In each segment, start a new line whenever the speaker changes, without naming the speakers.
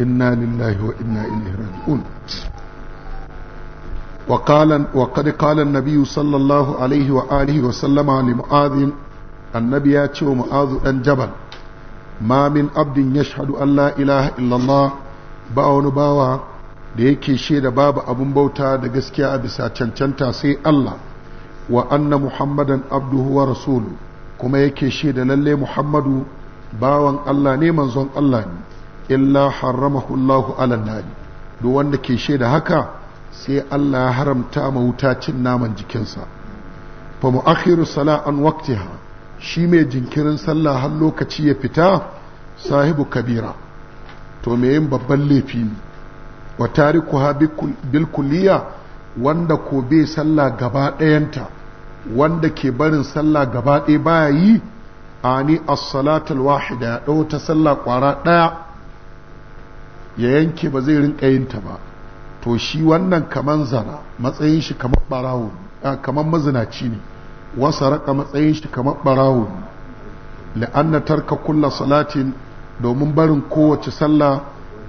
إنا لله وإنا إليه راجعون وقال وقد قال النبي صلى الله عليه وآله وسلم لمعاذ النبي ياتي ومعاذ أن جبل ما من عبد يشهد أن لا إله إلا الله باون باوا da yake shaida babu abun bauta da gaskiya a bisa cancanta sai Allah wa anna muhammadan abduhu wa rasulu kuma yake shaida lallai muhammadu bawan Allah ne manzon Allah ne illa haramahu Allah ala nari duk wanda ke shaida haka sai Allah ya haramta ma wuta cin naman jikinsa fa mu'akhiru sala an waqtiha shi mai jinkirin sallah har lokaci ya fita sahibu kabira to me yin babban laifi ne wa tarikuha bil kulliya wanda ko bai sallah gaba ɗayanta wanda ke barin sallah gaba ɗaya baya yi ani as-salatul wahida ya ɗau ta sallah ƙwara ɗaya ya yanke ba zai rinka yin ta ba to shi wannan kaman zana matsayin shi kamar barawo kamar mazinaci ne wasa raka matsayin shi kamar barawo la'anna tarka kulla salatin domin barin kowace sallah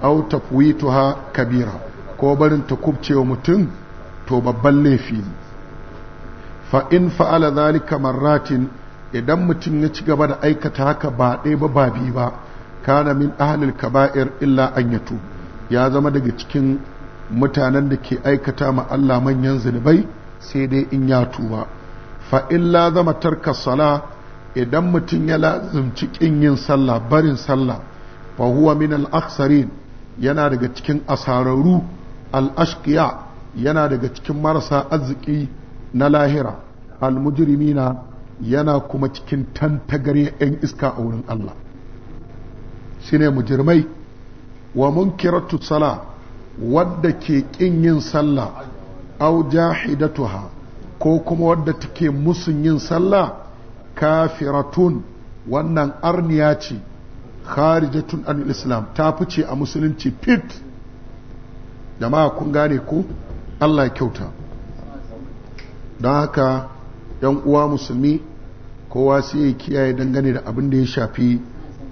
au tafwituha kabira ko barin ta kubcewa mutum to babban laifi ne fa in fa'ala zalika marratin idan mutum ya ci gaba da aikata haka ba ɗaya ba ba biyu ba kana min ahlil kaba'ir illa an yatu ya zama daga cikin mutanen da ke aikata ma Allah manyan zunubai sai dai in ya tuba fa illa zama tarka sala idan mutum ya lazumci kin yin sallah barin sallah fa huwa min al yana daga cikin asararu al ashqiya yana daga cikin marasa arziki na lahira al mujrimina yana kuma cikin tantagare 'yan iska a wurin Allah shine mujirmai wa munkiratu sala wadda ke ƙin yin sallah au jahidatuha ko kuma wadda take musun yin sallah kafiratun wannan arniya ce kharijatun anil islam ta fice a musulunci fit jama'a kun gane ku Allah kyauta don haka 'yan uwa musulmi kowa sai ya kiyaye dangane da abin da ya shafi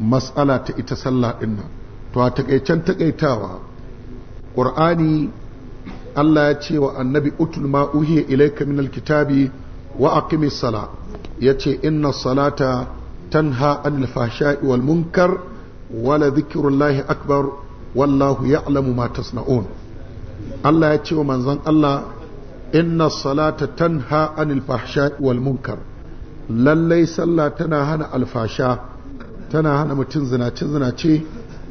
matsala ta ita sallah ɗin nan to a takaicen takaitawa ƙur'ani Allah ya ce wa annabi utul ma uhiya ilayka minal kitabi wa aqimis sala yace inna salata tanha anil fahsha'i wal munkar wala dhikrullahi akbar wallahu ya'lamu ma tasna'un Allah ya ce wa manzon Allah inna salata tanha anil fahsha'i wal munkar lallai sallah tana hana alfasha tana hana mutum zinace zinace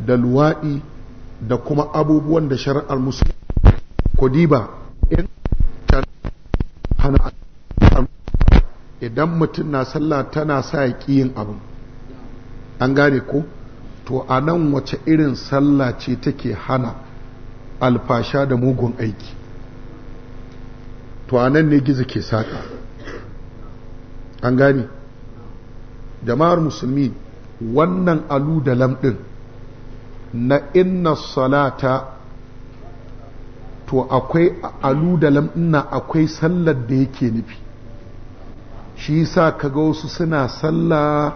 da luwaɗi da kuma abubuwan da shari'ar musulmi kudiba in hana idan mutum na sallah tana sa ya ƙi yin abu. an gane ko to a nan wace irin sallah ce take hana alfasha da mugun aiki to a nan ne gizo ke saƙa? an gane jama'ar musulmi wannan alu da lam na inna salata to akwai alu da lam na akwai sallar da yake nufi shi sa kaga wasu suna sallah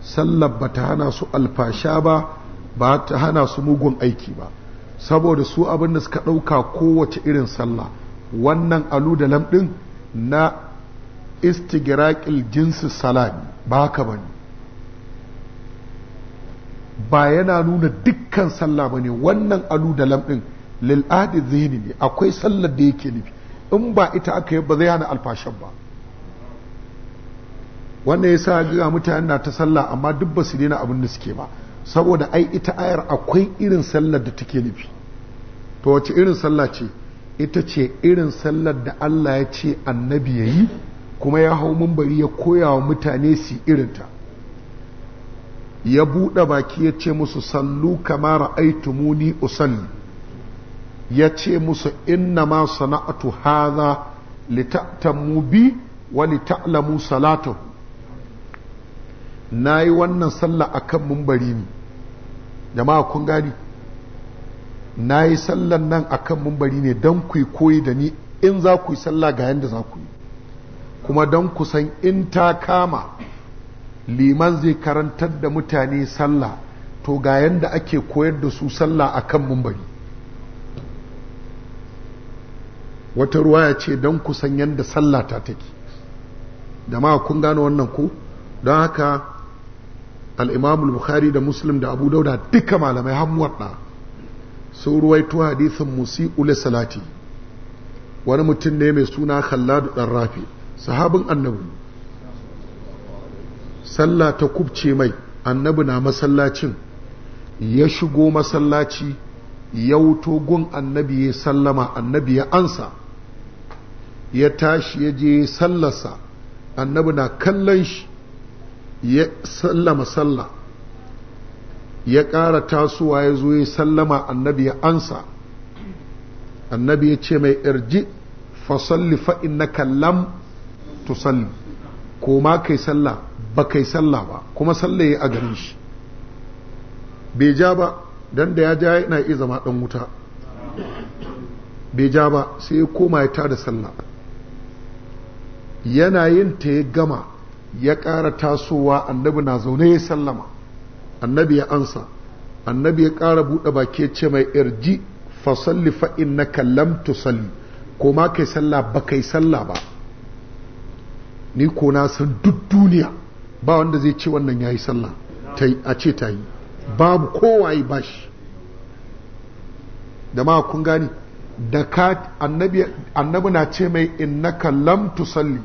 sallar ba ta hana su alfasha ba ba ta hana su mugun aiki ba saboda su abin da suka ɗauka kowace irin sallah wannan alu da lam na istigiraƙil jinsi salami ba ka bane ba yana nuna dukkan sallah ba ne wannan alu da lamɗin lil'adi lil ne akwai sallar da yake nufi in ba ita aka yi ba zai hana alfashan ba wannan ya sa ga mutane na ta sallah amma duk ba su daina abin da suke ba saboda ai ita ayar akwai irin sallar da take nufi to wace irin sallah ce ita ce irin sallar da Allah ya ce annabi ya yi kuma ya hau mambari ya koya wa mutane su irinta ya buɗe baki ya ce musu sallu kamar aitumuni usalli ya ce musu inna ma sana'atu hadha mu bi wa lita'lamu Na nayi wannan sallah akan mumbari ne jama'a kun gani nayi sallan nan akan mumbari ne dan ku koyi da ni in za ku yi sallah ga yanda za ku yi kuma dan ku san in ta kama liman zai karantar da mutane sallah to ga yanda ake koyar da su sallah a kan mumbari wata ruwa ya ce don kusan yadda sallah ta take ma kun gane wannan ku. don haka al'imamul bukhari da muslim da abu dauda duka malamai hamuwar ɗa sun ruwaito hadithin ule salati wani mutum ne mai suna khalladu ɗan rafi sahabin annabi sallah ta kubce mai annabi na masallacin ya shigo masallaci ya wuto gun annabi ya sallama annabi ya ansa ya tashi ya je sallarsa annabi na kallon shi ya sallama sallah ya ƙara tasowa ya zo ya sallama annabi ya ansa annabi ya ce mai irji fasalli fa'in na kallam tusalli ma kai sallah ba kai sallah ba kuma sallah ya a garin shi bai ja ba don da ya ja yana iya zama dan wuta bai ja ba sai ya koma ya tada sallah yana yin ta ya gama ya ƙara tasowa annabi na zaune ya sallama annabi ya ansa annabi ya ƙara buɗe baki ce mai irji fasalli fa'in na kallam tusalli ko ma kai salla ba kai sallah ba ni ko na san duk duniya ba wanda zai ce wannan ya yi sallah a ce ta yi babu kowaye ba shi da ma kun gani da ka annabi na ce mai innaka lam tusalli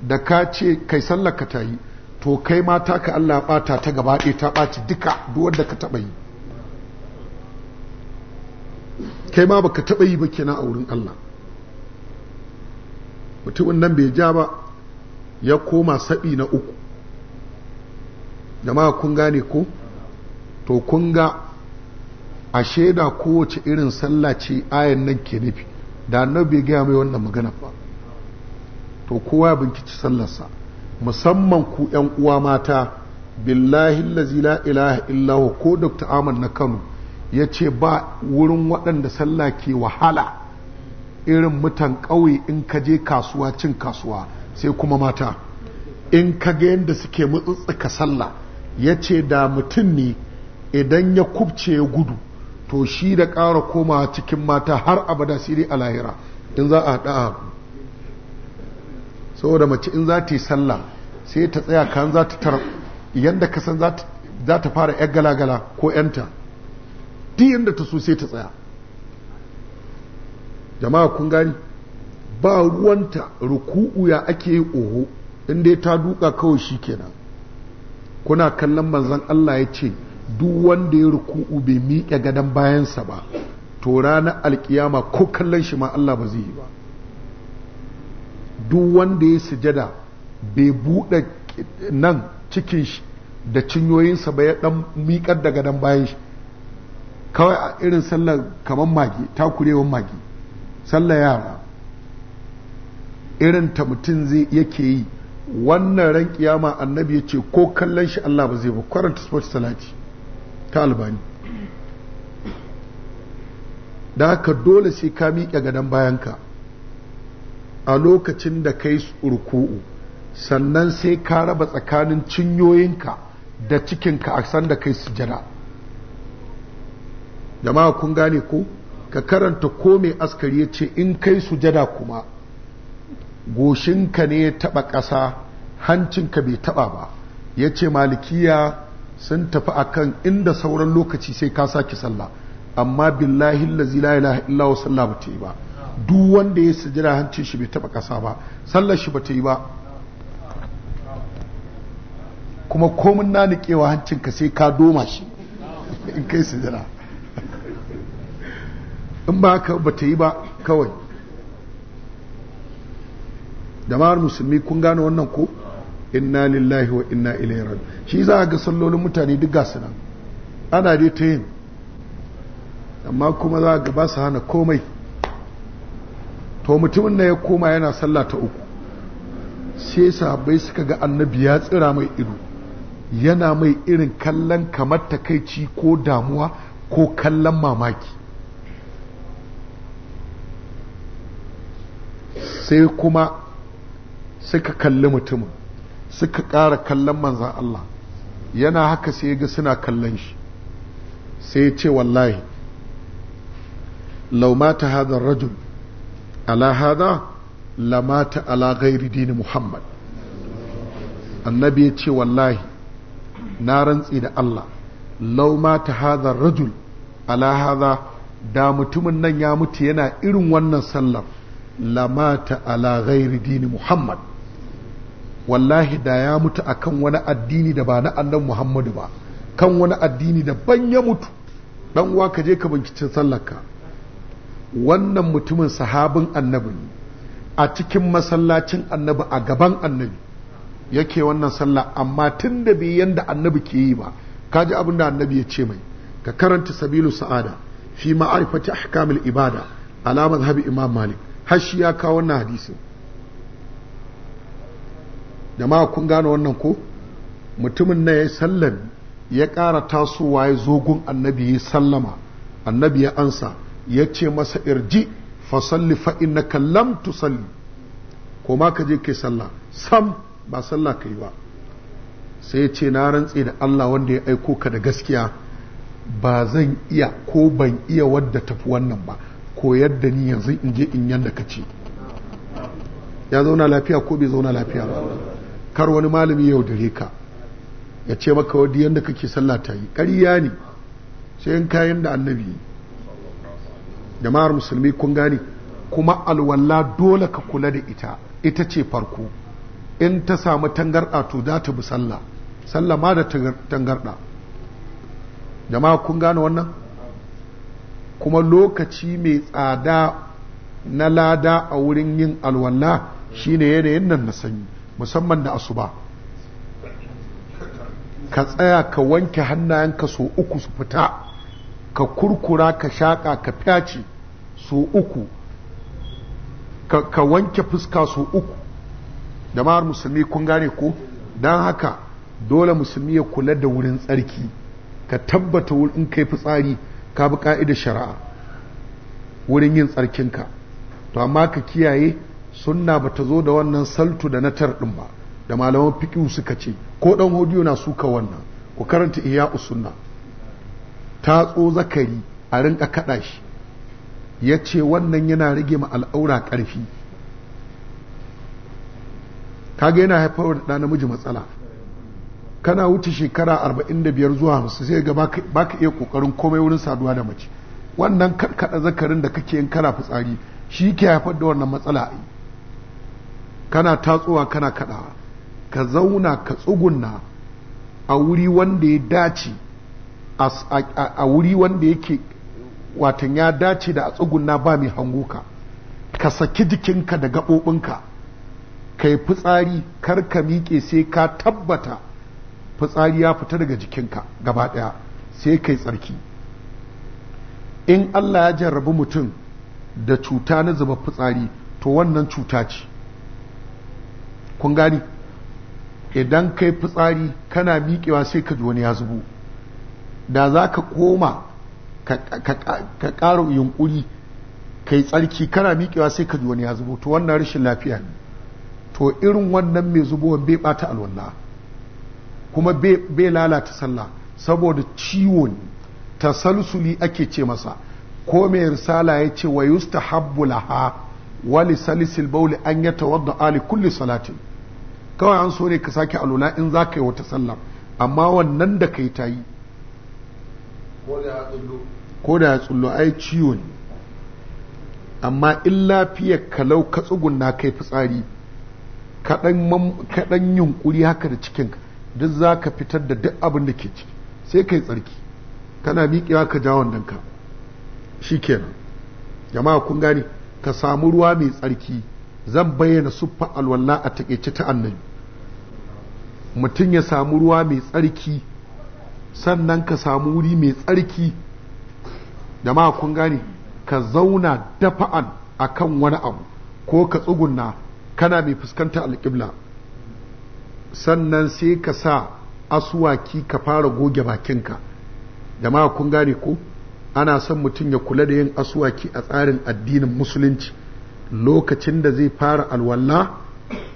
da ka ce kai sallar ka ta yi to kai ma ta ka Allah bata ta gaba ɗaya ta baci duka duk wanda ka taɓa yi kai ma baka taɓa yi ba kenan a wurin Allah mutumin nan bai ja ba ya koma sabi na uku jama'a kun gane ko to kun ga a shaida kowace irin sallah ce ayan nan ke nufi da annabi bai gaya mai wannan magana ba to kowa ya binkici sallarsa musamman ku yan uwa mata billahi allazi la ilaha illahu ko dr ahmad na kano ya ce ba wurin waɗanda sallah ke wahala irin mutan ƙauye in ka je kasuwa cin kasuwa sai kuma mata in ka ga yadda suke mutsutsuka sallah ya ce da mutum ne idan ya kubce ya gudu to shi da ƙara koma cikin mata har abada siri a lahira in za a haɗa a saboda mace in za ta yi sallah sai ta tsaya kan za ta tara yadda ka san za ta fara yan galagala ko yanta duk yadda ta so sai ta tsaya jama'a kun gani ba ruwanta ruku'u ya ake yi oho in dai ta duka kawai shi kenan kuna kallon manzon Allah ya ce duk wanda ya ruku'u bai miƙe gadon bayansa ba to ranar alƙiyama ko kallon shi ma Allah ba zai yi ba duk wanda ya sujada bai buɗe nan cikin shi da cinyoyinsa ba ya ɗan miƙar da gadon bayan shi kawai a irin sallar kamar magi takurewan magi sallar yara irin ta mutum zai yake yi wannan ran kiyama annabi ya ce ko kallon shi Allah ba zai ba Kwaranta sport salati ta albani da haka dole sai ka miƙe gadon bayanka a lokacin da kai urukuu sannan sai ka raba tsakanin cinyoyinka da cikinka a san da kai sujada jama'a kun gane ko ka karanta ko mai askari ya ce in kai sujada kuma goshinka ne ya taɓa ƙasa hancinka bai taba ba ya ce malikiya sun tafi akan inda sauran lokaci sai ka sake sallah amma billahi lazi la ilaha illa wa sallah bata yi ba duk wanda ya jira hancin shi bai taba kasa ba sallar shi bata yi ba kuma komin na nikewa hancinka sai ka doma shi in kai jira in ba ka bata yi ba kawai jama'ar musulmi kun gane wannan ko inna lillahi wa inna ilaihi raji shi za ga sallolin mutane duk gasu nan ana dai ta yin amma kuma za ga ba su hana komai to mutumin na ya koma yana sallah ta uku sai sahabbai suka ga annabi ya tsira mai ido yana mai irin kallon kamar takaici ko damuwa ko kallon mamaki sai kuma suka kalli mutumin suka ƙara kallon manzan Allah yana haka sai ga suna kallon shi sai ya ce wallahi laumata hadar rajul ala hada lamata ala gairi dini muhammad annabi ya ce wallahi na rantsi da Allah laumata hadar rajul ala hada da mutumin nan ya mutu yana irin wannan sallar lamata ala gairi dini muhammad wallahi da ya mutu akan wani addini da ba na annan muhammadu ba kan wani addini da ban ya mutu dan uwa ka je ka bincicin sallarka wannan mutumin sahabin annabi a cikin masallacin annabi a gaban annabi yake wannan sallah amma tun da bai yadda annabi ke yi ba kaji abin da annabi ya ce mai ka karanta sabilu sa'ada fi ma'arifati ahkamil ibada alamar habi imam malik Hashi ya kawo wannan hadisin Jama'a kun gane wannan ko mutumin na ya sallan ya ƙara tasowa ya zogun annabi ya sallama annabi ya ansa ya ce masa irji fasalli fa'in na kallam tusalli ko ma ka je kai sallah sam ba sallah ka yi ba sai ya ce na rantse da Allah wanda ya aiko ka da gaskiya ba zan iya ko ban iya wadda tafi wannan ba ko yadda ni yanzu in je in yanda ka ce ya zauna lafiya ko bai zauna lafiya ba kar wani malami yau da ka ya ce maka wadi yadda kake sallah ta yi ƙarya ne sai yin kayan da annabi jama'ar musulmi kun gane kuma alwala dole ka kula da ita ita ce farko in ta samu tangarɗa to za ta bi sallah sallah ma da tangarɗa jama'a kun gane wannan kuma lokaci mai tsada na lada a wurin yin shi shine yanayin nan na sanyi musamman da asuba ka tsaya ka wanke hannayenka so uku su fita ka kurkura ka shaƙa ka fyaci so uku ka wanke fuska so uku da jama'ar musulmi kun gane ko don haka dole musulmi ya kula da wurin tsarki ka tabbata wurin kai fitsari ka bi ka'idar shari'a wurin yin tsarkinka to amma ka kiyaye sunna ba ta zo da wannan saltu da na tar ɗin ba da malaman fiƙiyu suka ce ko ɗan hodiyo na suka wannan ku karanta iya ta tso zakari a rinka kada shi ya ce wannan yana rage ma al'aura karfi kaga yana haifar da ɗa namiji matsala kana wuce shekara arba'in da biyar zuwa hamsin sai ga baka ka iya ƙoƙarin komai wurin saduwa da mace wannan kaɗa zakarin da kake yin kana fitsari shi ke haifar da wannan matsala kana tatsuwa kana kada ka zauna ka tsugunna a wuri wanda ya dace a wuri wanda yake watan ya dace da a tsugunna ba mai hango ka ka saki jikinka da gaɓoɓinka ka yi fitsari kar ka miƙe sai ka tabbata fitsari ya fita daga jikinka gaba ɗaya sai ka yi tsarki in allah ya jarrabi mutum da cuta na zuba fitsari to wannan cuta ce kun gani idan kai fitsari kana miƙewa sai ka wani ya zubo da za ka koma ka ƙara yunƙuri kai tsarki kana miƙewa sai ka ji wani ya zubo to wannan rashin lafiya ne to irin wannan mai zubowan bai bata alwala kuma bai lalata sallah saboda ciwo ne tasalsuli ake ce masa ko mai risala ya ce wa yustahabbu laha wali salisil bauli an yatawadda ali kulli salatin kawai an so ne ka sake alula in za ka yi wata sallah amma wannan da ka yi ta yi ko da ya tsullo ai ciwo ne amma in lafiyar kalau ka tsugunna kai fitsari kaɗan yunƙuri haka da cikin duk za ka fitar da duk abin da ke ciki sai ka yi tsarki kana miƙewa ka ja wandonka shi kenan jama'a kun gane ka samu ruwa mai tsarki zan bayyana suffa alwala a takeice ta annabi mutum ya samu ruwa mai tsarki sannan ka samu wuri mai tsarki ma kun gane ka zauna dafa'an akan wani abu ko ka tsugunna kana mai fuskanta alƙibla sannan sai ka sa asuwaki ka fara goge bakinka ma kun gane ko ana son mutum ya kula da yin asuwaki a tsarin addinin musulunci lokacin da zai fara alwalla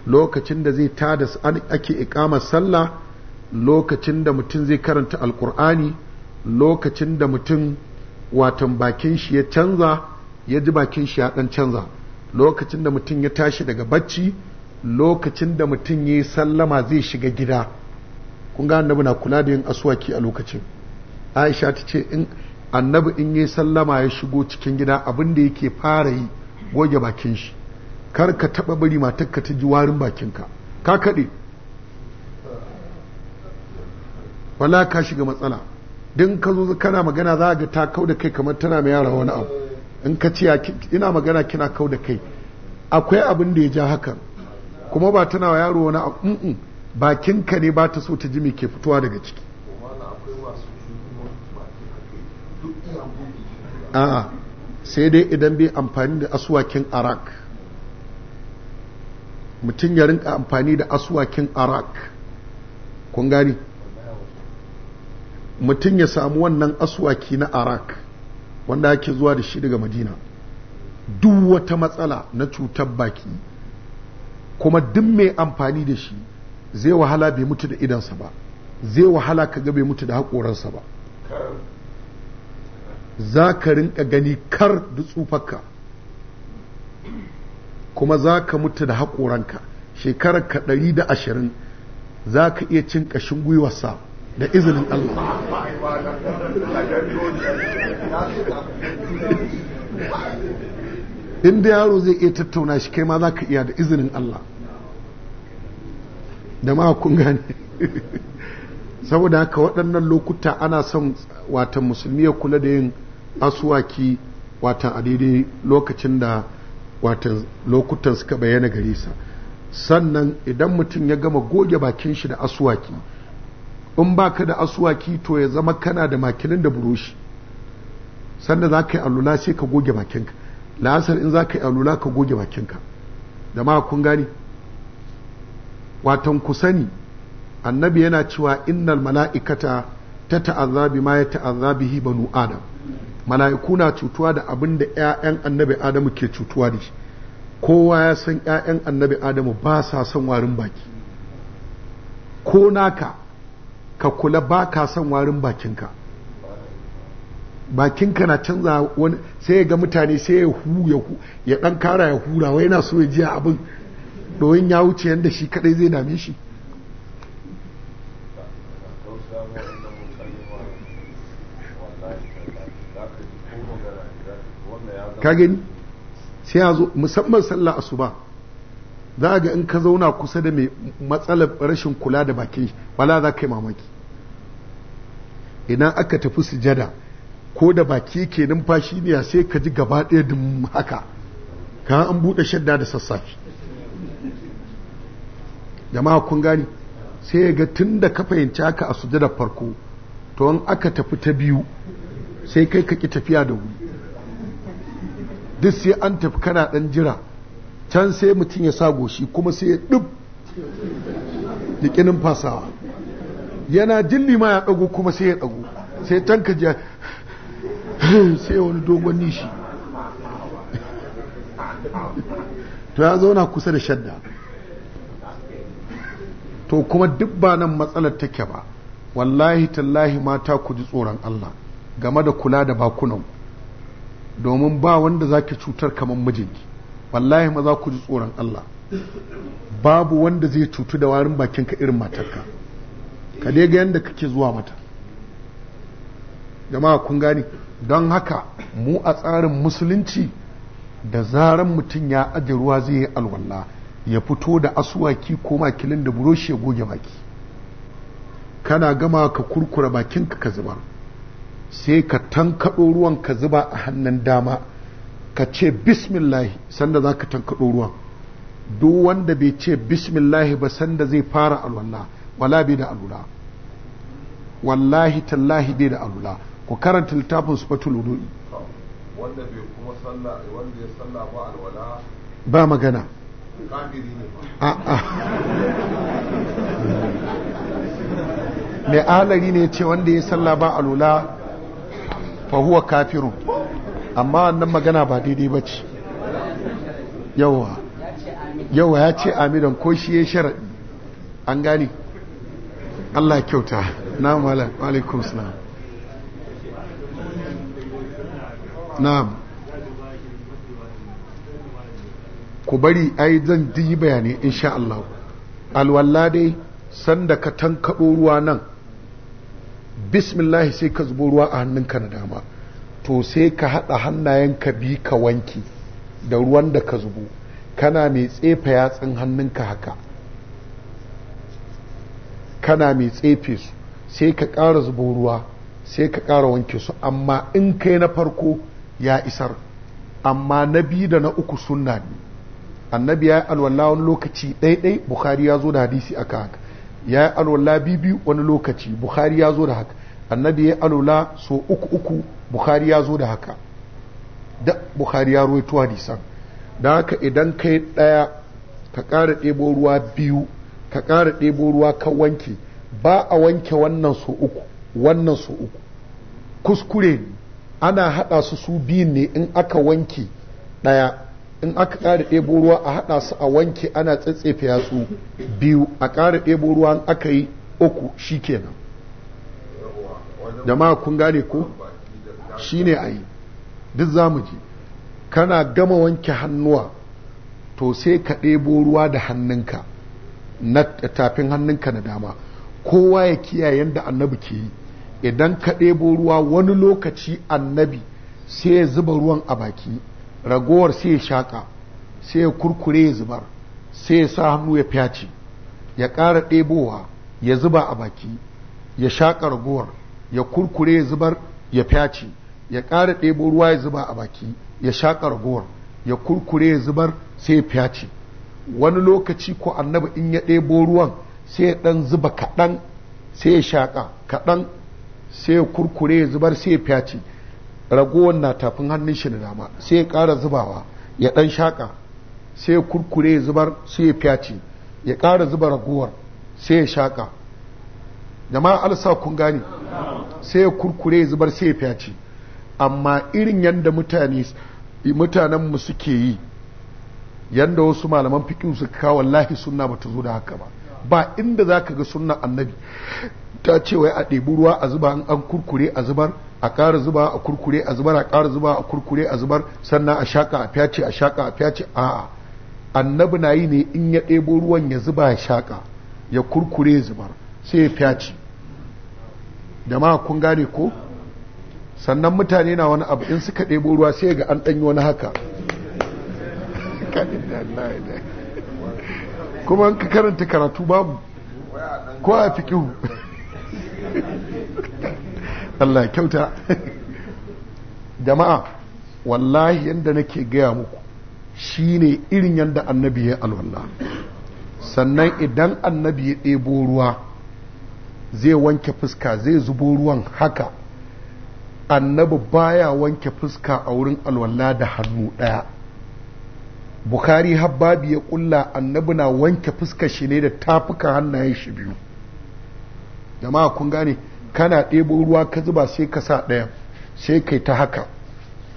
lokacin da zai tada ake ikamar sallah lokacin da mutum zai karanta alkur'ani lokacin da mutum watan bakin shi ya canza ya ji bakin shi ya dan canza lokacin da mutum ya tashi daga bacci lokacin da mutum ya yi sallama zai shiga gida kun ga na kula da yin asuwaki a lokacin aisha ta ce in annabi in yi sallama ya shigo cikin gida abin da yake fara yi goge bakin shi kar ka taba bari matar ka ta ji warin bakinka ka kaɗe wala ka shiga matsala din ka zo kana magana za ga ta kau da kai kamar tana mai yara wani abu in ka ce ina magana kina kau da kai akwai abin da ya ja hakan kuma ba tana wa yaro wani abu bakin ka ne ba ta so ta ji mai ke fitowa daga ciki a'a sai dai idan bai amfani da aswakin arak mutum ya rinka amfani da aswakin arak kun gani mutum ya samu wannan aswaki na arak wanda ake zuwa da shi daga madina duk wata matsala na cutar baki kuma duk mai amfani da shi zai wahala bai mutu da idansa ba zai wahala ka ga bai mutu da haƙoransa ba za ka rinka gani kar da tsufarka kuma za ka mutu da haƙoranka shekarar ka ɗari da ashirin za ka iya cin ƙashin gwiwarsa da izinin Allah inda yaro zai iya tattauna shi kai ma za ka iya da izinin Allah da ma kun gane saboda haka waɗannan lokuta ana son watan musulmi ya kula da yin asuwaki watan a daidai lokacin da watan lokutan suka bayyana gare sa sannan idan mutum ya gama goge bakin shi da asuwaki in baka da asuwaki to ya zama kana da makilin da buroshi sannan za ka yi alula sai ka goge bakinka la'asar in za ka yi alula ka goge bakinka da ma kun gani watan ku sani annabi yana cewa innal mala'ikata ta ta'azza bi ma ya ta'azza bihi banu adam mala'iku na cutuwa da abin da ƴaƴan annabi adamu ke cutuwa da shi kowa ya san ƴaƴan annabi adamu ba sa son warin baki ko naka ka kula ba ka son warin bakinka bakinka na canza wani sai ya ga mutane sai ya hu ya hu ya dan kara ya hura wai na so ya ji abin doyin ya wuce yanda shi kadai zai dame shi ka gani sai ya zo musamman sallah asuba za a ga in ka zauna kusa da mai matsalar rashin kula da baki wala za ka yi mamaki Ina aka tafi sujada ko da baki ke numfashi ne sai ka ji gaba ɗaya dum haka ka an buɗe shadda da sassafe jama'a kun gani sai ya ga tun da ka fahimci haka a sujada farko to an aka tafi ta biyu sai kai ka ki tafiya da wuri duk sai an tafi kana dan jira can sai mutum ya sa goshi kuma sai ya dub ya fasawa yana jilli ma ya dago kuma sai ya dago sai can ka jiya sai wani dogon nishi to ya zauna kusa da shadda to kuma duk ba nan matsalar take ba wallahi tallahi mata ku ji tsoron Allah game da kula da bakunanku domin ba wanda zaki cutar kamar mijinki wallahi maza ku ji tsoron Allah babu wanda zai cutu da warin bakinka irin matarka ka dai ga yadda kake zuwa mata jama'a kun gani don haka mu a tsarin musulunci da zaran mutum ya aje ruwa zai yi alwala ya fito da asuwaki ko makilin da buroshi ya goge baki kana gama ka kurkura bakinka ka zubar sai ka tankaɗo ruwan ka zuba a hannun dama ka ce bismillahi sanda za ka tankaɗo ruwan duk wanda bai ce bismillahi ba sanda zai fara alwala wala bai da alula wallahi tallahi bai da alula ku karanta littafin su wudu'i wanda bai kuma sallah wanda ya sallah ba alwala ba magana mai alari ne ce wanda ya sallah ba alula fa huwa kafirun amma wannan magana ba daidai ba ce yawa yawa ya ce amidan ko shi ya sharaɗi an gani Allah kyauta na alaikum suna na'am ku bari ai zan yi bayanai insha Allah alwalla dai sanda ka tankaɓo ruwa nan bismillahi sai ka zubo ruwa a hannunka na dama to sai ka haɗa hannayenka bi ka wanki da ruwan da ka zubo kana mai tsefa yatsun hannunka haka kana mai tsefe su sai ka ƙara zubo ruwa sai ka ƙara wanke su amma in kai na farko ya isar amma na bi da na uku sunna ne annabi ya yi alwala lokaci ɗaiɗai bukhari ya zo da hadisi aka haka ya yi alwala biyu wani lokaci bukhari ya zo da haka annabi ya yi alwala so uku uku bukhari ya zo da haka da bukhari ya roito hadisan da haka idan kai ɗaya ka ƙara ɗebo ruwa biyu ka ƙara ɗebo ruwa ka wanke ba a wanke wannan so uku wannan so uku kuskure ana haɗa su su biyu ne in aka wanke ɗaya in aka ƙara ɗebo ruwa a haɗa su a wanke ana tsatsefe yatsu biyu a ƙara ɗebo ruwa aka yi uku shi kenan jama'a kun gane ko shi ne a yi duk za mu ji kana gama wanke hannuwa to sai ka ɗebo ruwa da hannunka na tafin hannunka na dama kowa ya kiyaye yadda annabi ke yi idan ka ɗebo ruwa wani lokaci annabi sai ya zuba ruwan a baki ragowar sai ya shaƙa sai ya kurkure ya zubar sai ya sa hannu ya fyace ya ƙara ɗebowa ya zuba a baki ya shaƙa ragowar ya kurkure ya zubar ya fyace ya ƙara ɗebo ruwa ya zuba a baki ya shaƙa ragowar ya kurkure ya zubar sai ya fyace wani lokaci ko annabi in ya ɗebo ruwan sai ya ɗan zuba kaɗan sai ya shaƙa kaɗan sai ya kurkure ya zubar sai ya fyace ragowar na tafin hannun shi da dama sai ya ƙara zubawa ya ɗan shaƙa sai ya kurkure ya zubar sai ya fyace ya ƙara zuba ragowar sai ya shaƙa jama'a alisa kun gane sai ya kurkure ya zubar sai ya fyace amma irin yadda mutanen mu suke yi yadda wasu malaman fikin su kawo wallahi sunna ba ta zo da haka ba ba inda za ka ga sunna annabi ta ce wai a ɗebi ruwa a zuba an kurkure a zubar a ƙara zuba a kurkure a zubar a ƙara zuba a kurkure a zubar sannan a shaƙa a fyace a shaƙa a fyace a'a annabi na yi ne in ya ɗebo ruwan ya zuba ya shaƙa ya kurkure ya zubar sai ya fyace da ma kun gane ko sannan mutane na wani abu in suka ɗebo ruwa sai ga an ɗanyi wani haka kuma an ka karanta karatu babu ko a fikihu? Allah kyauta jama'a wallahi yadda nake gaya muku shi ne irin yadda annabi ya alwallah sannan idan annabi ya ɗebo ruwa zai wanke fuska zai zubo ruwan haka annabi baya wanke fuska a wurin alwallah da hannu ɗaya bukari habbabi ya ƙulla annabi na wanke fuska shi ne da tafuka hannayen shi biyu jama'a kun gane kana ɗebo ruwa ka zuba sai ka sa ɗaya sai kai ta haka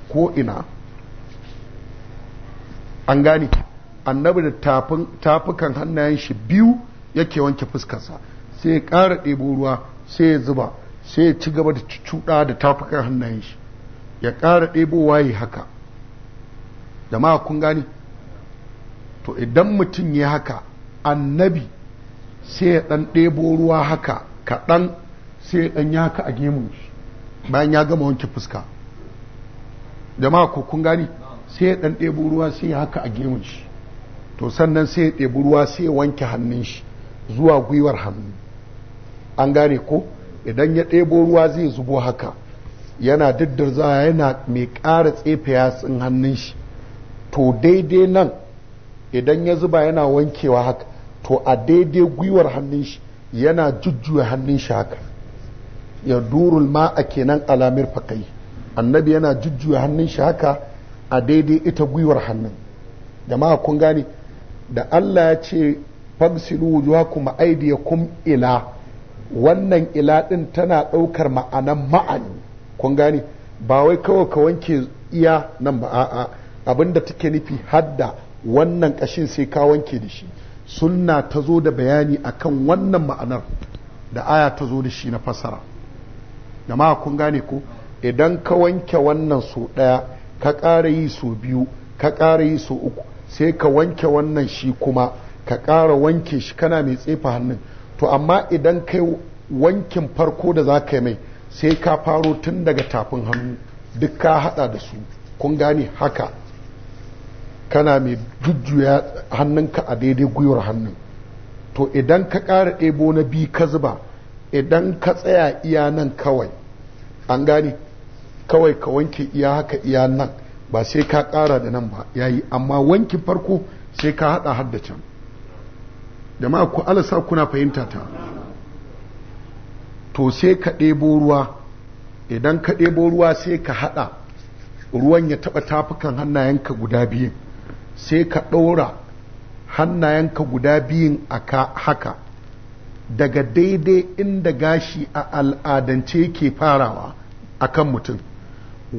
ko ina an gane annabi da tafukan hannayen shi biyu yake wanke fuskarsa sai ya ƙara ɗebo ruwa sai ya zuba sai ya ci gaba da cuɗa da tafukan hannayen shi ya ƙara ɗebo waye haka jama'a kun gane to idan mutum ya haka annabi sai ya ɗan ɗebo ruwa haka kaɗan sai dan a gemu bayan ya gama wanke fuska jama'a ko kun gani sai ya dan ɗebo ruwa sai ya haka a gemu shi to sannan sai ya ɗebi ruwa sai ya wanke hannun shi zuwa gwiwar hannu an gane ko idan ya ɗebo ruwa zai zubo haka yana diddirza yana mai ƙara tsefe yatsun hannun shi to daidai nan idan ya zuba yana wankewa haka to a daidai gwiwar hannun shi yana jujjuya hannun shi haka ya durul a kenan alamir fakai annabi yana jujjuya hannun shi haka a daidai ita gwiwar hannun jama'a kun gane da Allah ya ce kuma wujuhakum aydiyakum ila wannan ila din tana ɗaukar ma'anan ma'ani kun gane ba wai kawai ka wanke iya nan ba a'a abinda take nufi hadda wannan kashin sai ka wanke da shi sunna ta zo da bayani akan wannan ma'anar da aya ta zo da shi na fasara jama'a kun gane ko idan ka wanke wannan su ɗaya ka ƙara yi su biyu ka ƙara yi su uku sai ka wanke wannan shi kuma ka ƙara wanke shi kana mai tsefa hannun to amma idan kai wankin farko da za ka yi mai sai ka faro tun daga tafin hannu duk ka haɗa da su kun gane haka kana mai jujjuya hannunka a daidai gwiwar hannun to idan ka ƙara ɗebo na biyu ka zuba idan ka tsaya iya nan kawai an gane kawai ka wanke iya haka iya nan ba sai ka ƙara da nan ba ya yi. amma wanki farko sai ka haɗa har da can jama'a ku alasa kuna fahimta ta to sai ka ɗebo ruwa idan ka ɗebo ruwa sai ka haɗa ruwan ya taɓa tafukan hannayenka guda biyun sai ka ɗora hannayenka guda biyun a haka daga daidai inda gashi a al'adance ke farawa a kan mutum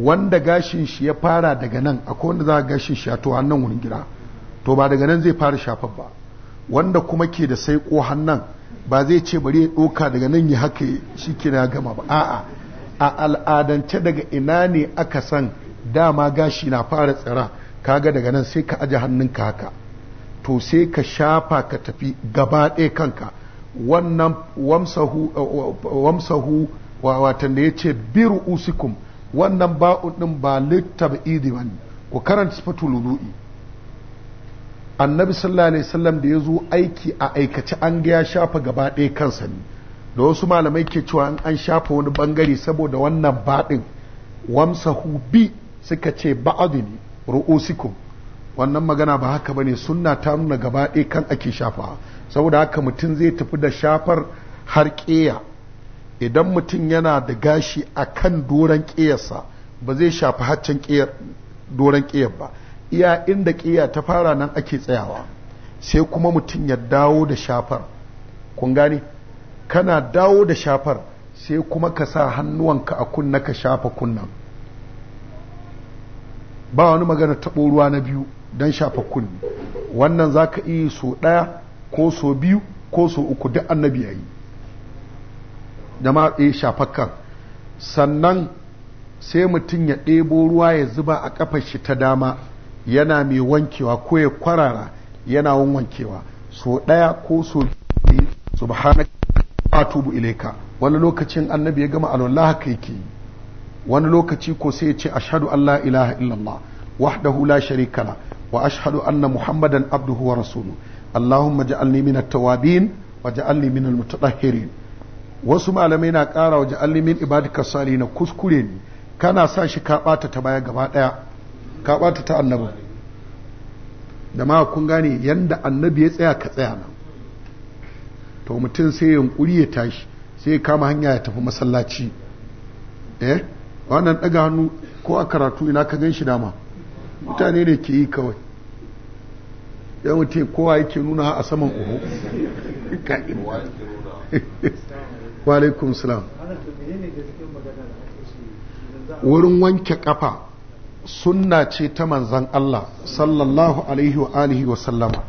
wanda gashin shi ya fara daga nan akwai wanda za a gashin shi a to hannun wurin gida to ba daga nan zai fara shafar ba wanda kuma ke da sai ko hannun ba zai ce bari ya ɗoka daga nan ya haka shi kina gama ba a'a a al'adance daga ina ne aka san dama gashi na fara tsira kaga daga nan sai ka aje hannunka haka to sai ka shafa ka tafi gaba ɗaya kanka wannan wamsahu wa watan da ce biru usikum wannan ba'u din ba ba bane ku karanta sifatul wudu'i annabi sallallahu alaihi wasallam da ya zo aiki a aikace an ga ya shafa gaba ɗaya kansa ne da wasu malamai ke cewa an shafa wani bangare saboda wannan baɗin wamsahu bi suka ce ba'adini ru'usikum wannan magana ba haka bane sunna ta nuna gaba ɗaya kan ake shafawa saboda haka mutum zai tafi da shafar har ƙeya idan mutum yana da gashi a kan doron ƙeyarsa ba zai shafi haccen doron ƙeyar ba iya inda ƙeya ta fara nan ake tsayawa sai kuma mutum ya dawo da shafar kun gane kana dawo da shafar sai kuma ka sa hannuwanka a kunna ka shafa kunnan ba wani magana taɓo ruwa na biyu don shafa kunni wannan za ka iya so ɗaya ko so biyu ko so uku duk annabi ya yi jama'a ɗaya eh, sannan sai mutum ya ɗebo ruwa ya zuba a ƙafar shi ta dama yana mai wankewa ko ya kwarara yana wankewa so ɗaya ko so biyu subhanaka atubu ilaika wani lokacin annabi ya gama alwallah haka yake yi wani lokaci ko sai ya ce a an allah ilaha illallah wahdahu la sharika la wa ashadu anna muhammadan abduhu wa rasuluhu اللهم اجعلني من التوابين واجعلني من المتطهرين wasu malamai na ƙara wa ja'alli min ibadika sali na kuskure ne kana sa shi ka ɓata ta baya gaba ɗaya ka ɓata ta annabi da ma kun gane yanda annabi ya tsaya ka tsaya nan to mutum sai yunkuri ya tashi sai ya kama hanya ya tafi masallaci eh wannan ɗaga hannu ko a karatu ina ka ganshi dama mutane ne ke yi kawai Yan wuce kowa yake nuna a saman uhu walaikun salam wurin wanke kafa sunna ce ta manzan Allah sallallahu alaihi wa alihi wa sallama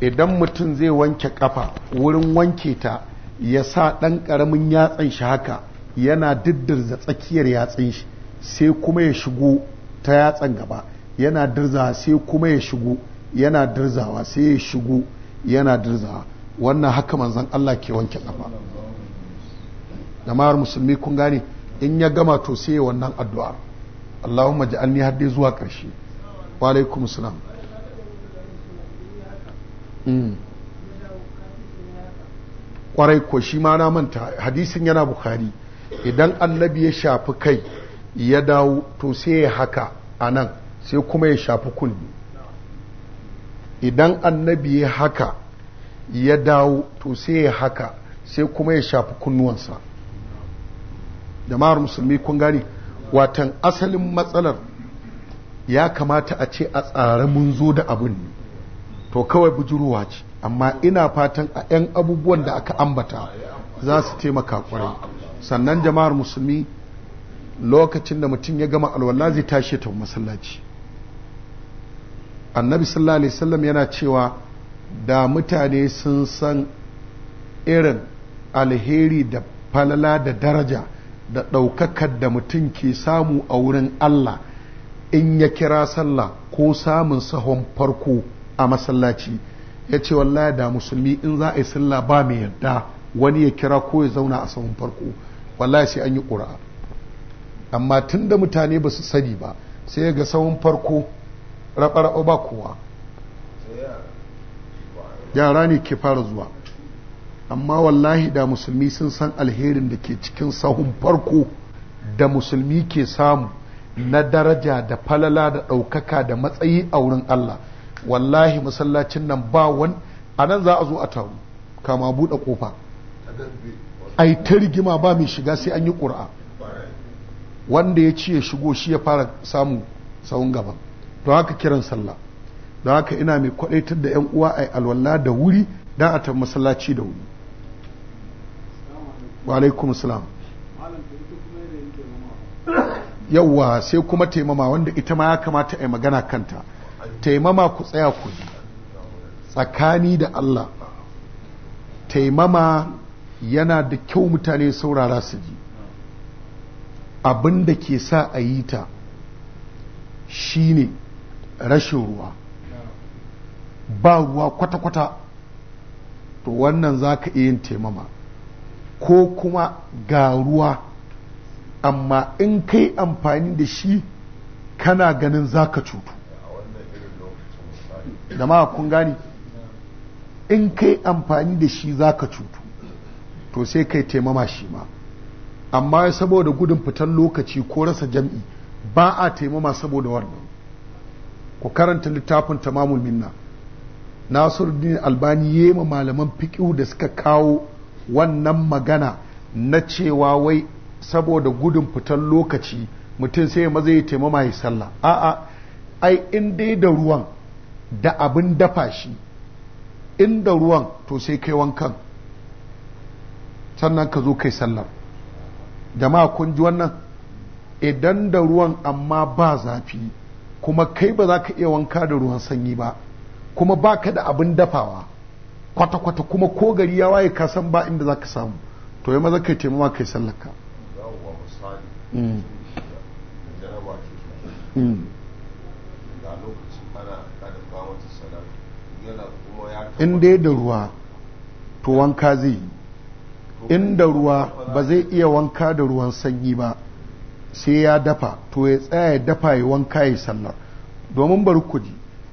idan mutum zai wanke kafa wurin wanke ta ya sa ɗan ƙaramin yatsan shi haka yana diddirza tsakiyar yatsan shi sai kuma ya shigo ta yatsan gaba yana dirza sai kuma ya shigo yana dirzawa sai ya shigo yana dirzawa wannan haka manzan Allah ke wanke kafa jama'ar musulmi kun gane in ya gama to sai wannan addu'a Allahumma ja'alni har dai zuwa ƙarshe wa alaikum salam hmm. kwarai ko shi ma na manta hadisin yana bukhari idan annabi ya shafi kai ya dawo to sai ya haka a nan sai kuma ya shafi kunne. idan annabi ya haka ya dawo to sai ya haka sai kuma ya shafi kunnuwansa jama'ar musulmi kun gani watan asalin matsalar ya kamata a ce a tsara mun zo da abin ne to kawai bujuruwa ce amma ina fatan a 'yan abubuwan da aka ambata za su taimaka kwarai sannan jama'ar musulmi lokacin da mutum ya gama alwala zai tashi ta masallaci annabi sallallahu alaihi wasallam yana cewa da mutane sun san irin alheri da falala da daraja da ɗaukakar da mutum ke samu a wurin Allah in ya kira sallah ko samun sahon farko a masallaci yace ce wallahi da musulmi in za a yi sallah ba mai yadda wani ya kira ko ya zauna a sahon farko wallahi sai an yi ƙura amma tun da mutane ba su sani ba sai ga sahon farko raɓa ba kowa yara ne ke fara zuwa amma wallahi da musulmi sun san alherin da ke cikin sahun farko da musulmi ke samu na daraja da falala da ɗaukaka da matsayi a wurin Allah wallahi masallacin nan ba wani a nan za a zo a taru kama buɗe ƙofa a yi ta rigima ba mai shiga sai an yi ƙura wanda ya ci ya shigo shi ya fara samun sahun gaban. don haka kiran sallah don haka ina mai kwadaitar da yan uwa a alwala da wuri don a tafi masallaci da wuri wa alaikum salam yawwa sai kuma taimama wanda ita ma ya kamata a magana kanta taimama ku tsaya ku ji tsakani da Allah taimama yana da kyau mutane saurara su ji abin da ke sa a yi ta shi ne. rashin ruwa ba ruwa kwata-kwata to wannan za ka iya yin taimama ko kuma ga ruwa amma in kai amfani da shi kana ganin za ka cutu da ma kun gani in kai amfani da shi za ka cutu to sai kai taimama shi ma amma saboda gudun fitan lokaci ko rasa jam'i ba a taimama saboda wannan ku karanta littafin tamamul minna nasiruddin albani yema malaman fiƙihu da suka kawo wannan magana na cewa wai saboda gudun fitan lokaci mutum sai maza ya taimama ya sallah a'a ai in dai da ruwan da abin dafa shi in da ruwan to sai kai wankan sannan ka zo kai sallar jama'a kun ji wannan idan da ruwan amma ba zafi kuma kai ba za ka iya wanka da ruwan sanyi ba kuma ba ka da abin dafawa kwata-kwata kuma ko gari ya waye ka san ba inda za ka samu to yi maza kai taimama kai sallaka mm. mm. in dai da ruwa to wanka zai yi in ruwa ba zai iya wanka da ruwan sanyi ba sai ya dafa to ya tsaya ya dafa ya wanka ya sallar domin bari kudi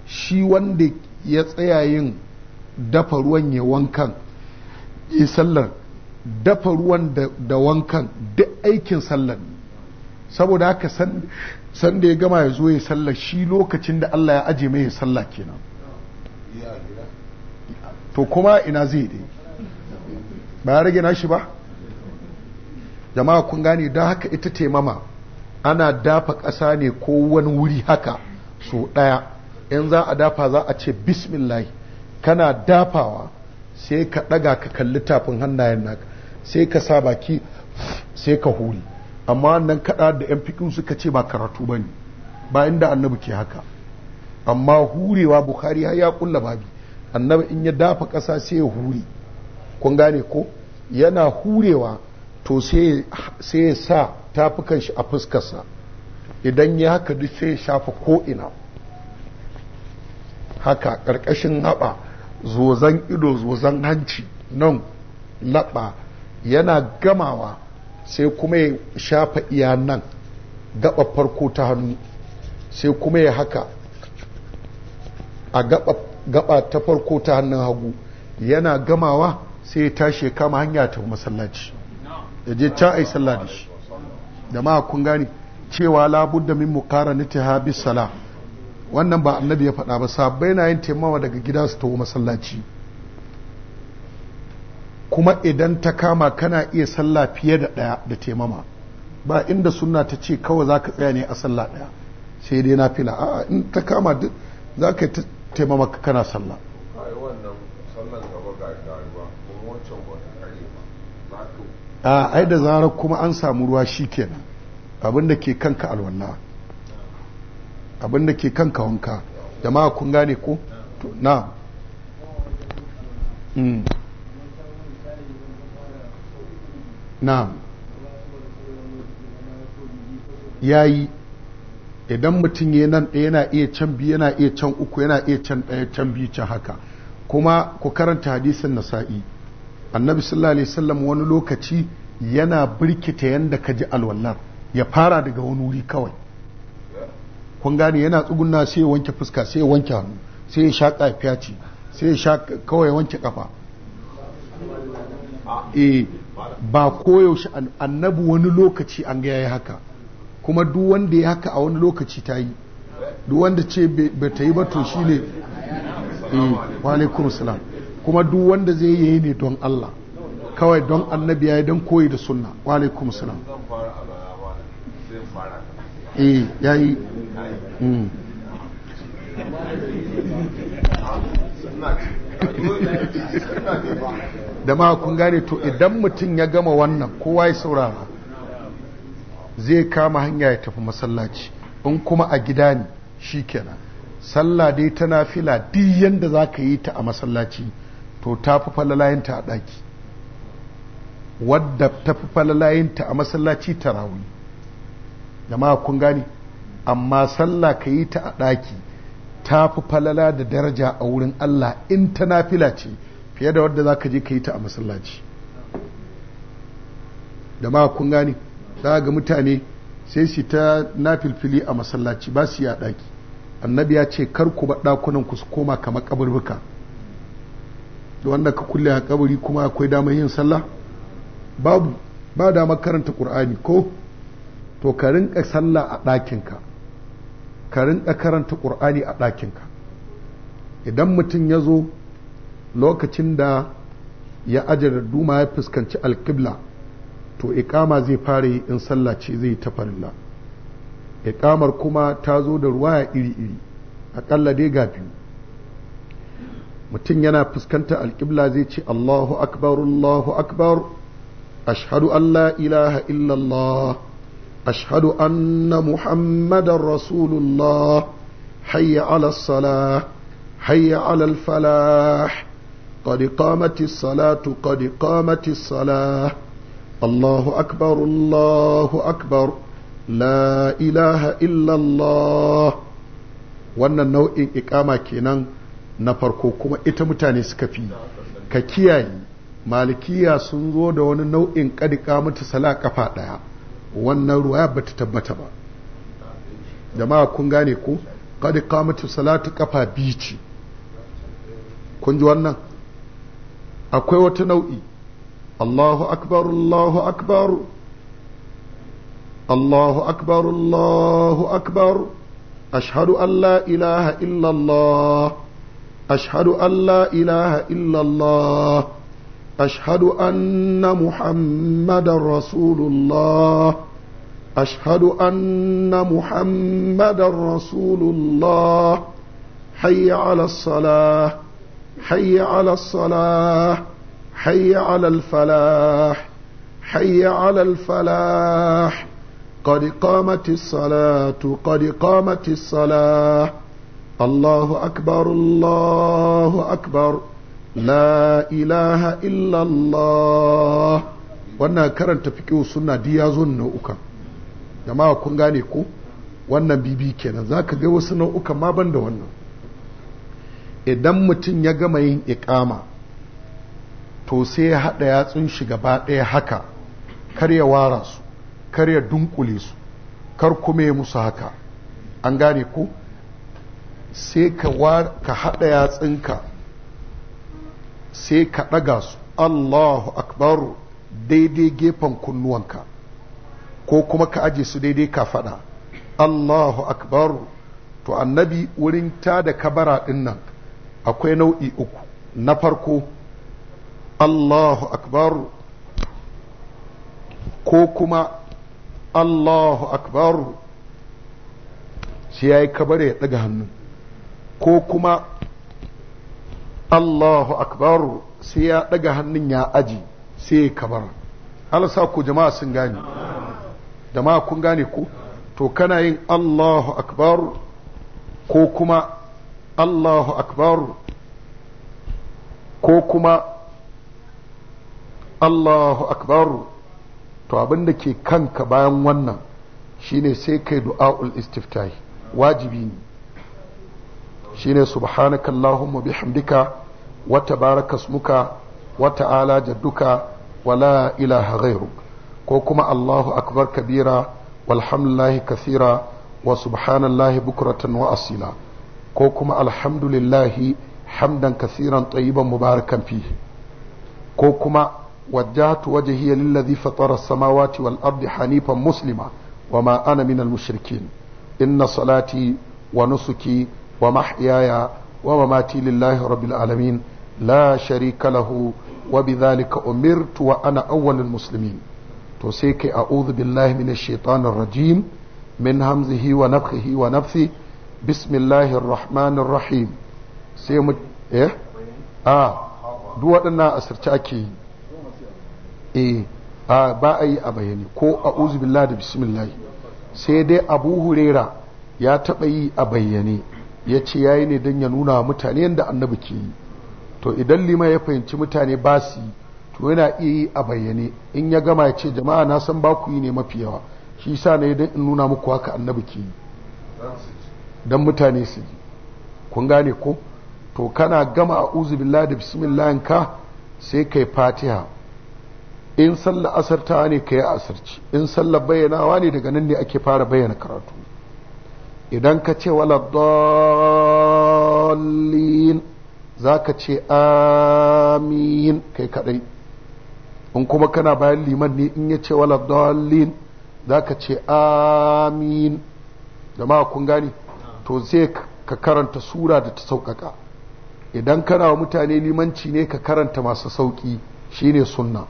shi wanda ya tsaya yin dafa ruwan ya wankan ya sallar dafa ruwan da wankan duk aikin sallar saboda haka sanda ya gama ya zo ya sallar shi lokacin da Allah ya aje mai ya sallah kenan to kuma ina zai dai ba ya rage nashi ba jama'a kun gane don haka ita mama ana dafa ƙasa ne ko wani wuri haka so ɗaya in za a dafa za a ce bismillah kana dafawa sai ka ɗaga ka kalli tafin hannayen naka sai ka sa baki sai ka huri amma nan kaɗa da 'yan fikin suka ce ba karatu ba ne bayan da annabi ke haka amma hurewa bukhari har ya kulla babi annabi in ya dafa ƙasa sai ya huri kun gane ko yana hurewa to sai ya sa tafukan shi a fuskarsa idan ya haka duk sai ya shafa ko'ina haka ƙarƙashin haɓa zozan ido zozan hanci nan laɓa yana gamawa sai kuma ya shafa iya nan gaɓa farko ta hannu sai kuma ya haka a gaɓa ta farko ta hannun hagu yana gamawa sai ya tashi kama hanya ta masallaci ya je can yi sallah da shi da ma kun gani cewa labudda min ni ta habi sala wannan ba annabi ya faɗa ba sabbai na yin taimawa daga gida su tawo masallaci kuma idan ta kama kana iya sallah fiye da ɗaya da taimama ba inda sunna ta ce kawai za ka tsaya ne a sallah ɗaya sai dai na fila a'a in ta kama duk za ka taimama kana sallah a ai da zarar kuma an samu ruwa shikenan abin da ke kanka alwanna abin da ke kanka wanka jama'a kun gane ko na na hmm. yayi idan mutum ya nan ɗaya yana iya can biyu yana iya can uku yana iya can ɗaya can biyu can haka kuma ku karanta hadisin nasa'i annabi sallallahu alaihi wasallam wani lokaci yana birkita yanda ka ji alwallar ya fara daga wani wuri kawai kun gane yana tsugunna sai ya wanke fuska sai ya wanke hannu sai ya sha fiyaci sai ya sha kawai wanke kafa eh ba koyaushe annabi wani lokaci an ga yayi haka kuma duk wanda ya haka a wani lokaci ta yi duk wanda ce ba ta yi ba to shine ne eh, wa alaikum salam kuma duk wanda zai yi ne don Allah kawai don annabi ya yi don koyi da sunna wa alaikum salam da eh, hmm. ma kun gane to idan mutum ya gama wannan kowa ya saurara zai kama hanya ya tafi masallaci in kuma a gida ne shi sallah dai tana fila duk yanda za ka yi ta a masallaci to ta fi falalayinta a ɗaki wadda ta fi falalayinta a masallaci tarawi jama'a kun gani amma sallah ka yi ta a ɗaki ta fi falala da daraja a wurin Allah in ta nafila ce fiye da wadda za ka je ka yi ta a masallaci jama'a kun gani za ga mutane sai su ta nafilfili a masallaci ba su yi a ɗaki annabi ya ce kar ku ba ɗakunan ku su koma kamar ƙabarbuka da wanda ka kulle a kabari kuma akwai damar yin sallah babu ba dama karanta ƙur'ani ko to ka rinka sallah a ɗakinka ka rinka karanta ƙur'ani a ɗakinka idan mutum ya zo lokacin da ya ajiye duma ya fuskanci alkibla to iƙama zai fara yi in sallah ce zai ta farilla iƙamar kuma ta zo da ruwa iri-iri aƙalla dai ga biyu mutum yana fuskanta alƙibla zai ce Allahu akbar Allahu akbar ashhadu an la ilaha illallah ashhadu anna muhammadan rasulullah hayya ala salah hayya ala falah قد قامت salatu قد قامت الصلاة Allahu أكبر Allahu أكبر la ilaha إلا الله wannan nau'in ikama kenan na farko kuma ita mutane suka fi ka kiyaye malikiya sun zo da wani nau'in ƙadika mutu sala kafa ɗaya wannan ruwa ba ta tabbata ba jama'a kun gane ko ƙadika mutu salatu kafa biyu ce kun ji wannan akwai wata nau'i Allahu akbar Allahu akbar Allahu akbar Allahu akbar ashhadu an ilaha illallah أشهد أن لا إله إلا الله أشهد أن محمد رسول الله أشهد أن محمد رسول الله حي على الصلاة حي على الصلاة حي على الفلاح حي على الفلاح قد قامت الصلاة قد قامت الصلاة الله أكبر الله أكبر لا إله إلا الله wannan karanta fiƙihu suna diya zon nau'ukan jama'a kun gane ko wannan bibi kenan za ka ga wasu nau'ukan ma ban da wannan idan mutum ya gama yin iƙama to sai ya haɗa yatsun shi gaba ɗaya haka kar ya wara su kar ya dunkule su kar kuma ya musu haka an gane ko sai ka haɗa yatsinka sai ka ɗaga su allahu akbar daidai gefen kunnuwanka ko kuma ka aje su daidai ka faɗa allahu akbaru to annabi wurin ta da kabara ɗin nan akwai nau'i uku na farko allahu akbaru ko kuma allahu akbaru shi ya yi kabara ya ɗaga hannu ko kuma Allahu akbar sai ya daga hannun ya aji sai ya kabar alasa ku jama'a sun gane jama'a kun gane ku to kana yin Allahu akbar ko kuma Allahu akbar ko kuma Allahu akbar to abin da ke kanka bayan wannan shine sai kai du'a'ul istiftahi wajibi ne shine subhanaka allahumma bihamdika wa tabaraka ismuka wa ta'ala jadduka wa la ilaha ghayruk ko kuma allahu akbar kabira walhamdulillahi kathira wa subhanallahi bukratan wa asila ko kuma alhamdulillahi hamdan kathiran tayyiban mubarakan fi ko kuma وجهت وجهي wal abdi hanifan muslima wa ma ana أنا من Inna salati wa nusuki. ومحياي ومماتي لله رب العالمين لا شريك له وبذلك أمرت وأنا أول المسلمين توسيك أعوذ بالله من الشيطان الرجيم من همزه ونفخه ونفثه بسم الله الرحمن الرحيم سيم إيه آه دو أنا أسرتاكي إيه آه بأي أبيني كو أعوذ بالله بسم الله سيدي أبو هريرة يا تبعي أبيني ya ce ya yi ne don ya nuna wa mutane yadda annabi ke yi to idan lima ya fahimci mutane ba su yi to yana iya yi a bayyane in ya gama ya ce jama'a na san ba ku yi ne mafi yawa shi sa ne don in nuna muku haka annabi ke yi don mutane su yi kun gane ko to kana gama a uzubillah da bismillah ka sai kai fatiha in sallar asartawa ne ka yi asarci in sallar bayyanawa ne daga nan ne ake fara bayyana karatu idan ka ce wala za ka ce amin kai kadai in kuma kana bayan liman ne in ya ce wala za ka ce amin jama'a kun gani to zai ka karanta sura da ta sauƙaƙa idan kana wa mutane limanci ne ka karanta masu sauƙi shine sunna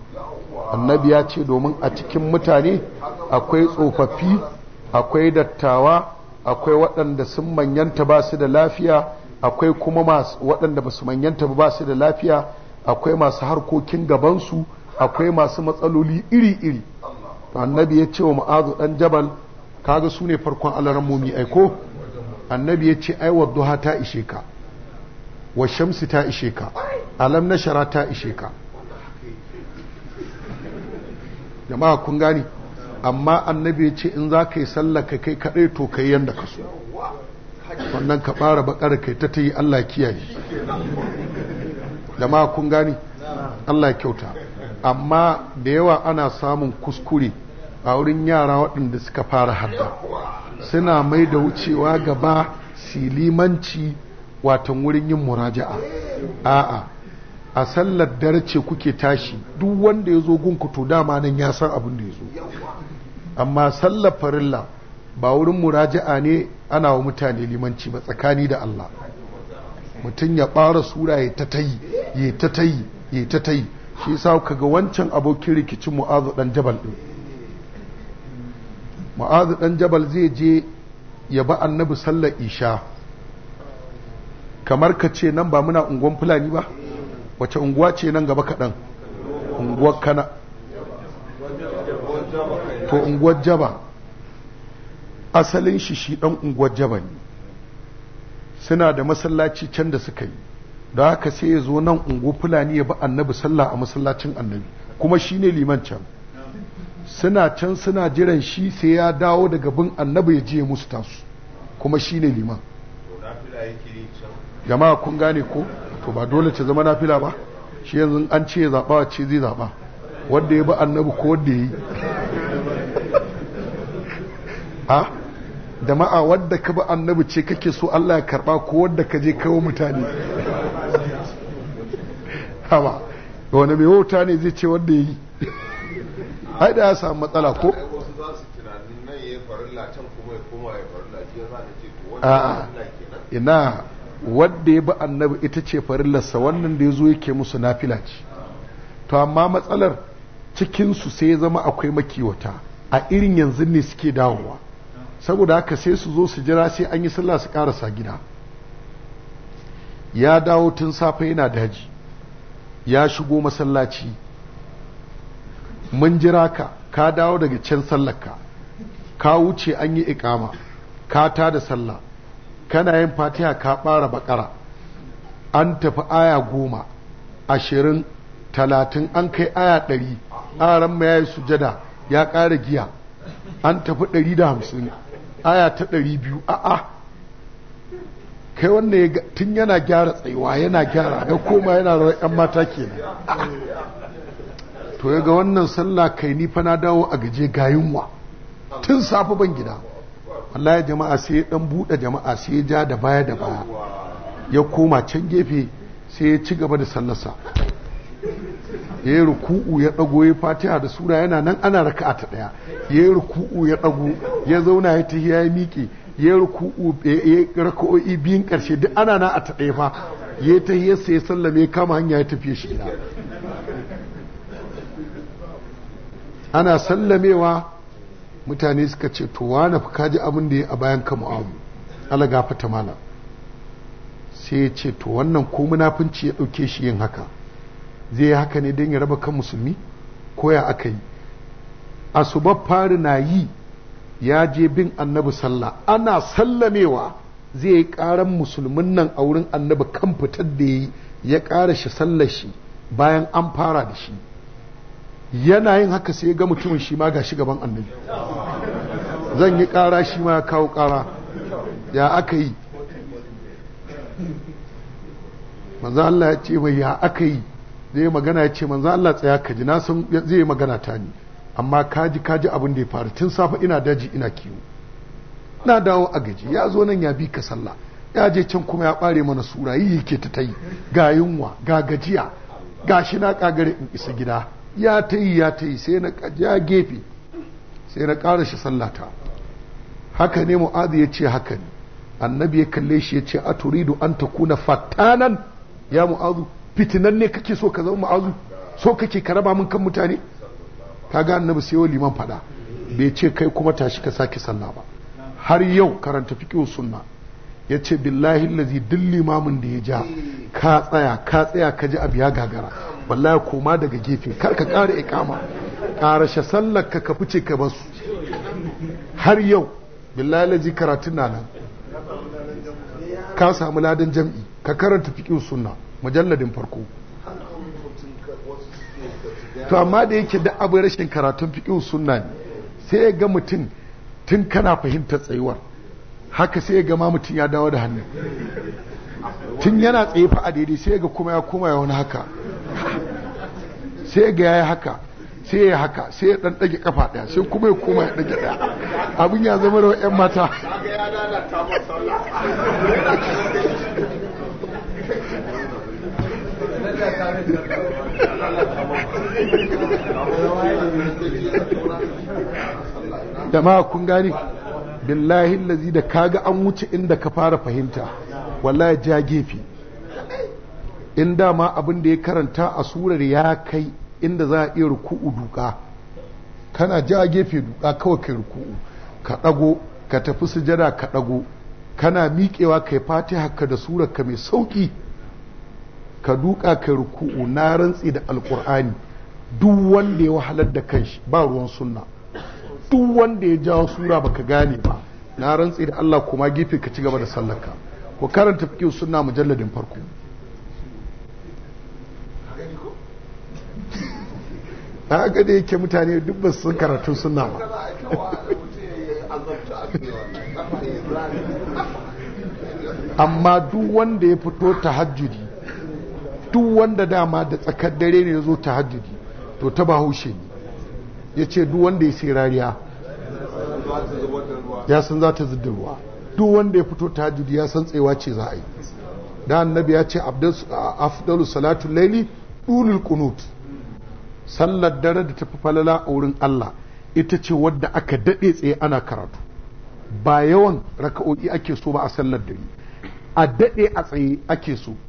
annabi ya ce domin a cikin mutane akwai tsofaffi akwai dattawa akwai waɗanda sun manyanta ba su da lafiya akwai kuma waɗanda ba su manyanta ba su da lafiya akwai masu harkokin gabansu akwai masu matsaloli iri-iri annabi ya ce wa ma'azu ɗan jabal kaga su ne farkon alaran mumi aiko annabi ya ce ai duha ta ishe ka wa shamsi ta ishe ka alam shara ta ishe ka jama'a kun gani amma annabi ya ce in za ka yi sallah ka kai kaɗai to ka yi yadda ka so wannan ka ɓara baƙar kai ta ta yi Allah kiyaye jama'a kun gani Allah kyauta amma da yawa ana samun kuskure a wurin yara waɗanda suka fara hadda suna mai da wucewa gaba silimanci watan wurin yin muraja'a a'a a sallar dare ce kuke tashi duk wanda ya zo gunku to dama nan ya san abin da ya zo amma sallar farilla ba wurin muraja'a ne ana wa mutane limanci ba tsakani da Allah mutum ya ɓara sura ya ta tayi ya ta tayi ya ta tayi shi sa kaga wancan abokin rikicin mu'azu dan jabal din mu'azu dan jabal zai je ya ba annabi sallar isha kamar ka ce nan ba muna unguwan fulani ba wace unguwa ce nan gaba kaɗan unguwar kana to unguwar jaba asalin shi shi dan unguwar jaba ne suna da masallaci can da suka yi da haka sai ya zo nan unguwar fulani ya bi annabi sallah a masallacin annabi kuma shi ne liman can suna can suna jiran shi sai ya dawo daga bin annabi ya je musu tasu kuma shi ne liman jama'a kun gane ko to ba dole ta zama nafila ba shi yanzu an ce zaɓa ce zai zaɓa wanda ya bi annabi ko wanda ya yi da ma'a wadda ka ba annabi ce kake so Allah ya karba ko wadda ka je kawo mutane hawa wani mai wauta ne zai ce wadda ya yi ai da ya samu matsala ko ina wadda ya bi annabi ita ce farillarsa wannan da ya zo yake musu nafila ce to amma matsalar cikinsu sai ya zama akwai makiwata a irin yanzu ne suke dawowa saboda haka sai su zo su jira sai an yi sallah su karasa gida ya dawo tun safe yana daji ya shigo masallaci mun jira ka ka dawo daga can sallarka ka wuce an yi ikama ka ta da sallah kana yin fatiha ka bara bakara an tafi aya goma ashirin talatin an kai aya ɗari ƙaran ma yi sujada ya ƙara giya an tafi 150 aya ta 200 a'a kai wanda ya tun yana gyara tsayuwa yana gyara ga koma yana da yan mata kenan to ya ga wannan sallah kai ni fa na dawo a gaje gayunwa tun safe ban gida wallahi jama'a sai ya dan bude jama'a sai ya ja da baya da baya ya koma can gefe sai ya ci gaba da sallarsa ya yi ruku'u ya ɗago ya fatiha da sura yana nan ana raka ta ɗaya ya yi ruku'u ya ɗago ya zauna ya tahiya ya miƙe ya yi ruku'u ya raka'o'i biyun ƙarshe duk ana na a ta ɗaya fa ya yi tahiyar ya sallame kama hanya ya tafiye shi gida ana sallamewa mutane suka ce to wani fi kaji abin da ya a bayan ka abu ala gafata mana sai ya ce to wannan ko munafunci ya ɗauke shi yin haka zai yi haka ne don ya raba kan musulmi ko ya aka yi asuba fari na yi ya je bin annabi sallah ana sallamewa zai yi karan musulmin nan a wurin annabi kan fitar da yi ya ƙara shi sallar shi bayan an fara da shi yana yin haka sai ga mutumin shi ma ga shi gaban annabi zan yi ƙara shi ma ya kawo ƙara ya aka yi manzo Allah ya ce mai ya aka yi zai yi magana ya ce manzan Allah tsaya ka ji na san zai yi magana ta ni amma kaji kaji abin da ya faru tun safa ina daji ina kiwo na dawo a gaji ya zo nan ya bi ka sallah ya je can kuma ya ɓare mana sura yi yake ta tayi ga yunwa ga gajiya ga shi na kagare in isa gida ya ta yi ya ta yi sai na ya gefe sai na ƙara shi sallata haka ne mu'adu ya ce haka ne annabi ya kalle shi ya ce a turidu an kuna fattanan ya mu'adu fitinan ne kake so ka zama ma'azu so kake ka raba min kan mutane ka ga annabi sai liman fada bai ce kai kuma tashi ka sake sallah ba har yau karanta fiqh sunna yace billahi allazi duk limamin da ya ja ka tsaya ka tsaya ka ji abu ya gagara wallahi koma daga gefe kar ka ƙara iqama ƙarashe sallar ka ka fice ka basu har yau billahi allazi karatun nan ka samu ladan jam'i ka karanta fiqh sunna mujalladin farko to amma da yake da abu rashin karatun fiƙin sunna ne sai ya ga mutum tun kana fahimtar tsayuwar haka sai ya ga mutum ya dawo da hannu tun yana tsaye fa a daidai sai ya ga kuma ya koma ya wani haka sai ya ga ya yi haka sai ya haka sai ya dan dage kafa daya sai kuma ya koma ya dage daya abin ya zama da 'yan mata jama'a kun gani billahi lazi da kaga an wuce inda ka fara fahimta wallahi ja gefe in dama abin da ya karanta a surar ya kai inda za a iya ruku'u duka kana ja gefe duka kawai kai ruku'u ka dago ka tafi sujada ka dago kana miƙewa kai fatiha ka da surar ka mai sauƙi ka duka ka ruku'u na rantsi da alkur'ani duk wanda ya wahalar da kanshi ba ruwan sunna duk wanda ya jawo sura baka gane ba na rantsi da Allah kuma gefe ka ci gaba da sallarka ku karanta fiqh sunna mujalladin farko haka da yake mutane duk ba sun karatu sunna ba amma duk wanda ya fito tahajjudi duk wanda dama da tsakar dare ne ya zo ta hajjidi to ta ba haushe ne ya ce duk wanda ya sai rariya ya san za ta zidda ruwa duk wanda ya fito ta hajjidi ya san tsewa ce za a yi da annabi ya ce afdalu salatu laili dulul qunut sallar dare da tafi falala a wurin Allah ita ce wadda aka daɗe tsaye ana karatu ba yawan raka'o'i ake so ba a sallar dare a daɗe a tsaye ake so